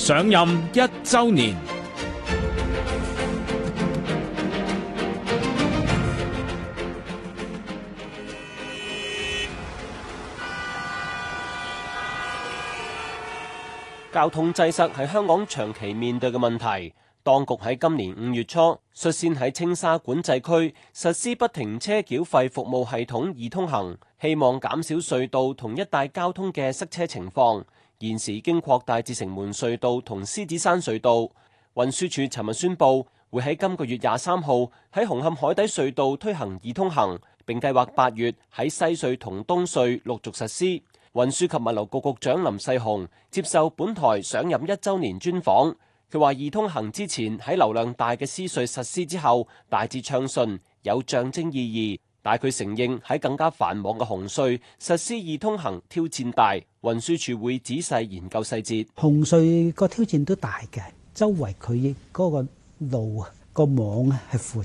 上任一周年，交通擠塞係香港長期面對嘅問題。當局喺今年五月初率先喺青沙管制區實施不停車繳費服務系統易通行，希望減少隧道同一帶交通嘅塞車情況。現時已經擴大至城門隧道同獅子山隧道。運輸署尋日宣布，會喺今個月廿三號喺紅磡海底隧道推行易通行，並計劃八月喺西隧同東隧陸續實施。運輸及物流局局長林世雄接受本台上任一週年專訪，佢話易通行之前喺流量大嘅獅隧實施之後，大致暢順，有象徵意義。但係佢承認喺更加繁忙嘅紅隧實施易通行挑戰大，運輸署會仔細研究細節。紅隧個挑戰都大嘅，周圍佢嗰個路、嗰個網咧係闊嘅。誒、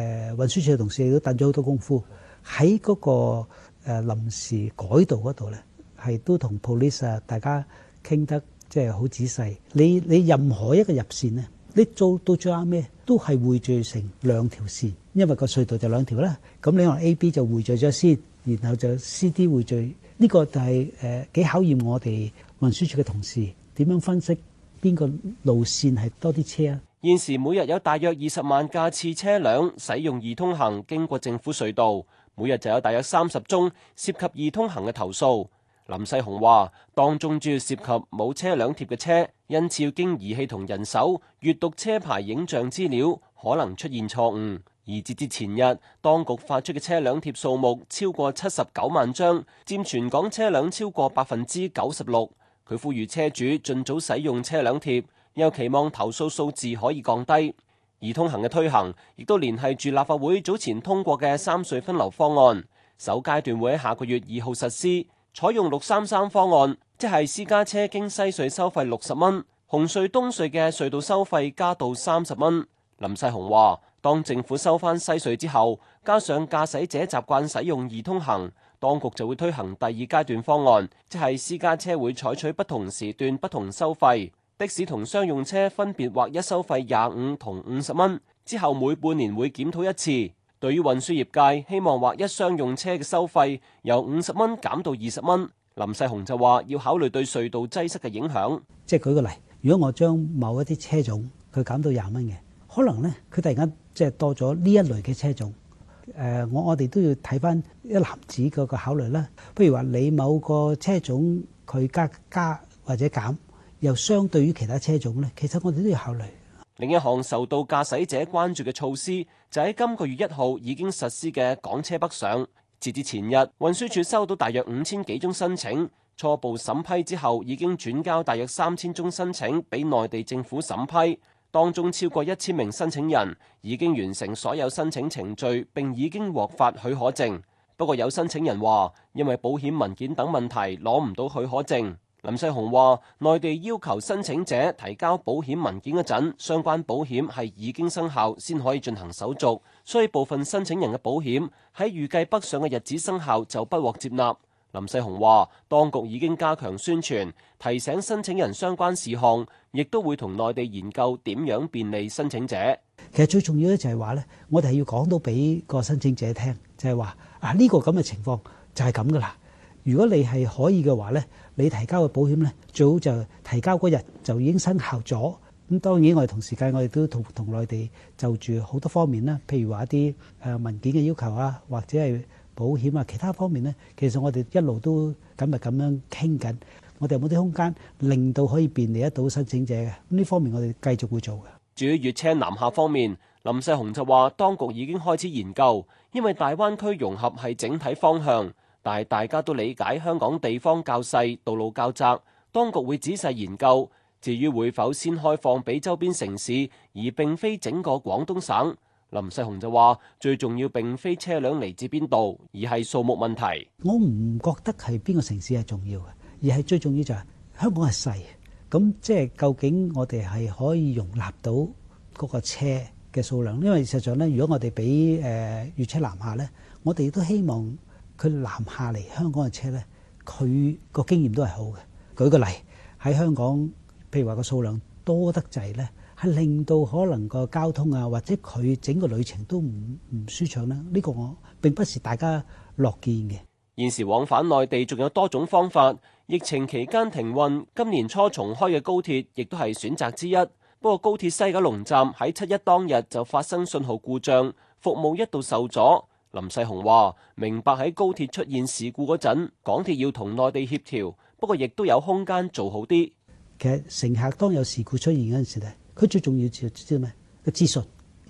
呃、運輸署嘅同事亦都揼咗好多功夫喺嗰個誒臨時改道嗰度咧，係都同 police 啊大家傾得即係好仔細。你你任何一個入線咧？你做到最啱咩？都係匯聚成兩條線，因為個隧道就兩條啦。咁你可能 A B 就匯聚咗先，然後就 C D 匯聚。呢個就係誒幾考驗我哋運輸署嘅同事點樣分析邊個路線係多啲車啊。現時每日有大約二十萬架次車輛使用易通行經過政府隧道，每日就有大約三十宗涉及易通行嘅投訴。林世雄話：當中主要涉及冇車輛貼嘅車，因此要經儀器同人手閲讀車牌影像資料，可能出現錯誤。而截至前日，當局發出嘅車輛貼數目超過七十九萬張，佔全港車輛超過百分之九十六。佢呼籲車主盡早使用車輛貼，又期望投訴數字可以降低。而易通行嘅推行亦都聯繫住立法會早前通過嘅三隧分流方案，首階段會喺下個月二號實施。採用六三三方案，即係私家車經西隧收費六十蚊，紅隧、東隧嘅隧道收費加到三十蚊。林世雄話：當政府收翻西隧之後，加上駕駛者習慣使用易通行，當局就會推行第二階段方案，即係私家車會採取不同時段，不同收費，的士同商用車分別劃一收費廿五同五十蚊。之後每半年會檢討一次。對於運輸業界，希望劃一商用車嘅收費由五十蚊減到二十蚊，林世雄就話要考慮對隧道擠塞嘅影響。即係舉個例，如果我將某一啲車種佢減到廿蚊嘅，可能呢，佢突然間即係多咗呢一類嘅車種，誒、呃，我我哋都要睇翻一籃子嗰個考慮啦。譬如話你某個車種佢加加或者減，又相對於其他車種呢，其實我哋都要考慮。另一項受到駕駛者關注嘅措施，就喺今個月一號已經實施嘅港車北上。截至前日，運輸署收到大約五千幾宗申請，初步審批之後已經轉交大約三千宗申請俾內地政府審批。當中超過一千名申請人已經完成所有申請程序，並已經獲發許可證。不過有申請人話，因為保險文件等問題攞唔到許可證。林世雄話：內地要求申請者提交保險文件嗰陣，相關保險係已經生效先可以進行手續，所以部分申請人嘅保險喺預計北上嘅日子生效就不獲接納。林世雄話：當局已經加強宣傳，提醒申請人相關事項，亦都會同內地研究點樣便利申請者。其實最重要咧就係話咧，我哋係要講到俾個申請者聽，就係話啊呢個咁嘅情況就係咁噶啦。如果你係可以嘅話咧，你提交嘅保險咧，最好就提交嗰日就已經生效咗。咁當然，我哋同時間我哋都同同內地就住好多方面啦，譬如話一啲誒文件嘅要求啊，或者係保險啊其他方面咧，其實我哋一路都緊密咁樣傾緊。我哋有冇啲空間令到可以便利得到申請者嘅？呢方面我哋繼續會做嘅。至於粵車南下方面，林世雄就話，當局已經開始研究，因為大灣區融合係整體方向。但係大家都理解香港地方較細，道路較窄，當局會仔細研究。至於會否先開放俾周邊城市，而並非整個廣東省，林世雄就話：最重要並非車輛嚟自邊度，而係數目問題。我唔覺得係邊個城市係重要嘅，而係最重要就係香港係細。咁即係究竟我哋係可以容納到嗰個車嘅數量？因為實際上咧，如果我哋俾誒粵車南下咧，我哋都希望。佢南下嚟香港嘅車呢，佢個經驗都係好嘅。舉個例喺香港，譬如話個數量多得滯呢，係令到可能個交通啊，或者佢整個旅程都唔唔舒暢啦。呢個我並不是大家樂見嘅。現時往返內地仲有多種方法，疫情期間停運，今年初重開嘅高鐵亦都係選擇之一。不過高鐵西九龍站喺七一當日就發生信號故障，服務一度受阻。林世雄話：明白喺高鐵出現事故嗰陣，港鐵要同內地協調，不過亦都有空間做好啲。其實乘客當有事故出現嗰陣時咧，佢最重要就知道咩？個資訊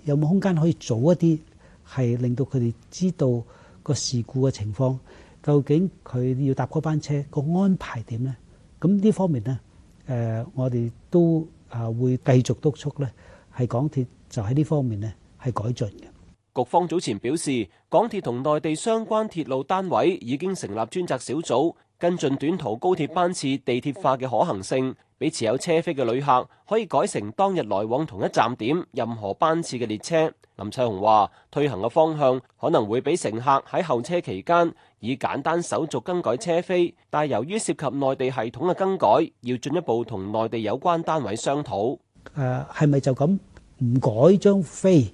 有冇空間可以早一啲，係令到佢哋知道個事故嘅情況，究竟佢要搭嗰班車個安排點咧？咁呢方面咧，誒，我哋都啊會繼續督促咧，係港鐵就喺呢方面咧，係改進嘅。局方早前表示，港鐵同內地相關鐵路單位已經成立專責小組跟進短途高鐵班次地鐵化嘅可行性，俾持有車飛嘅旅客可以改成當日來往同一站點任何班次嘅列車。林世雄話，推行嘅方向可能會俾乘客喺候車期間以簡單手續更改車飛，但係由於涉及內地系統嘅更改，要進一步同內地有關單位商討。誒，係咪就咁唔改張飛？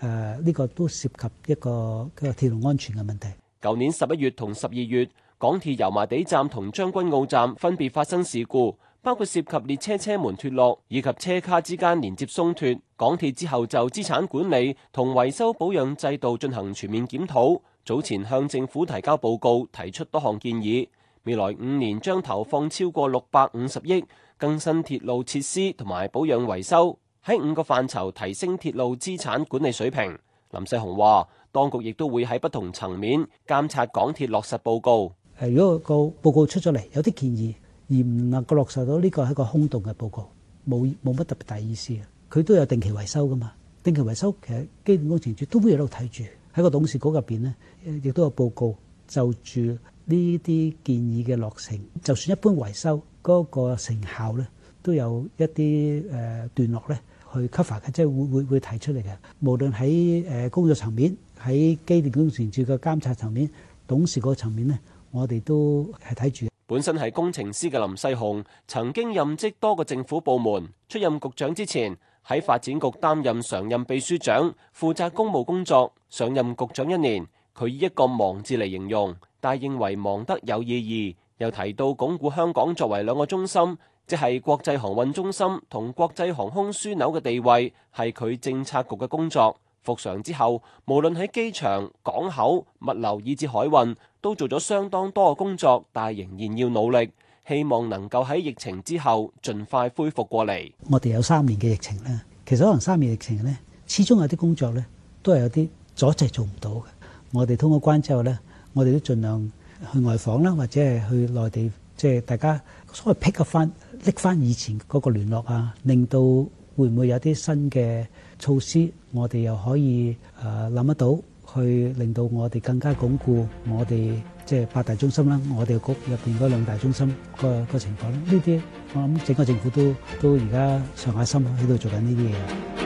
誒呢個都涉及一個個鐵路安全嘅問題。舊年十一月同十二月，港鐵油麻地站同將軍澳站分別發生事故，包括涉及列車車門脫落以及車卡之間連接鬆脱。港鐵之後就資產管理同維修保養制度進行全面檢討，早前向政府提交報告，提出多項建議。未來五年將投放超過六百五十億更新鐵路設施同埋保養維修。喺五個範疇提升鐵路資產管理水平，林世雄話：當局亦都會喺不同層面監察港鐵落實報告。誒，如果個報告出咗嚟，有啲建議而唔能夠落實到，呢個係一個空洞嘅報告，冇冇乜特別大意思。佢都有定期維修噶嘛，定期維修其實基本工程處都會喺度睇住，喺個董事局入邊呢亦都有報告就住呢啲建議嘅落成，就算一般維修嗰個成效咧。都有一啲誒段落咧，去 cover 嘅，即係會會會提出嚟嘅。無論喺誒工作層面，喺基建工程處嘅監察層面，董事嗰個層面咧，我哋都係睇住。本身係工程師嘅林世雄，曾經任職多個政府部門，出任局長之前喺發展局擔任常任秘書長，負責公務工作。上任局長一年，佢以一個忙字嚟形容，但係認為忙得有意義，又提到鞏固香港作為兩個中心。即係國際航運中心同國際航空樞紐嘅地位，係佢政策局嘅工作。復常之後，無論喺機場、港口、物流以至海運，都做咗相當多嘅工作，但係仍然要努力，希望能夠喺疫情之後盡快恢復過嚟。我哋有三年嘅疫情呢，其實可能三年疫情呢，始終有啲工作呢都係有啲阻滯做唔到嘅。我哋通過關之後呢，我哋都盡量去外訪啦，或者係去內地。即係大家所謂 pick up 翻拎翻以前嗰個聯絡啊，令到會唔會有啲新嘅措施，我哋又可以誒諗得到，去令到我哋更加鞏固我哋即係八大中心啦，我哋局入邊嗰兩大中心個個情況。呢啲我諗整個政府都都而家上下心喺度做緊呢啲嘢。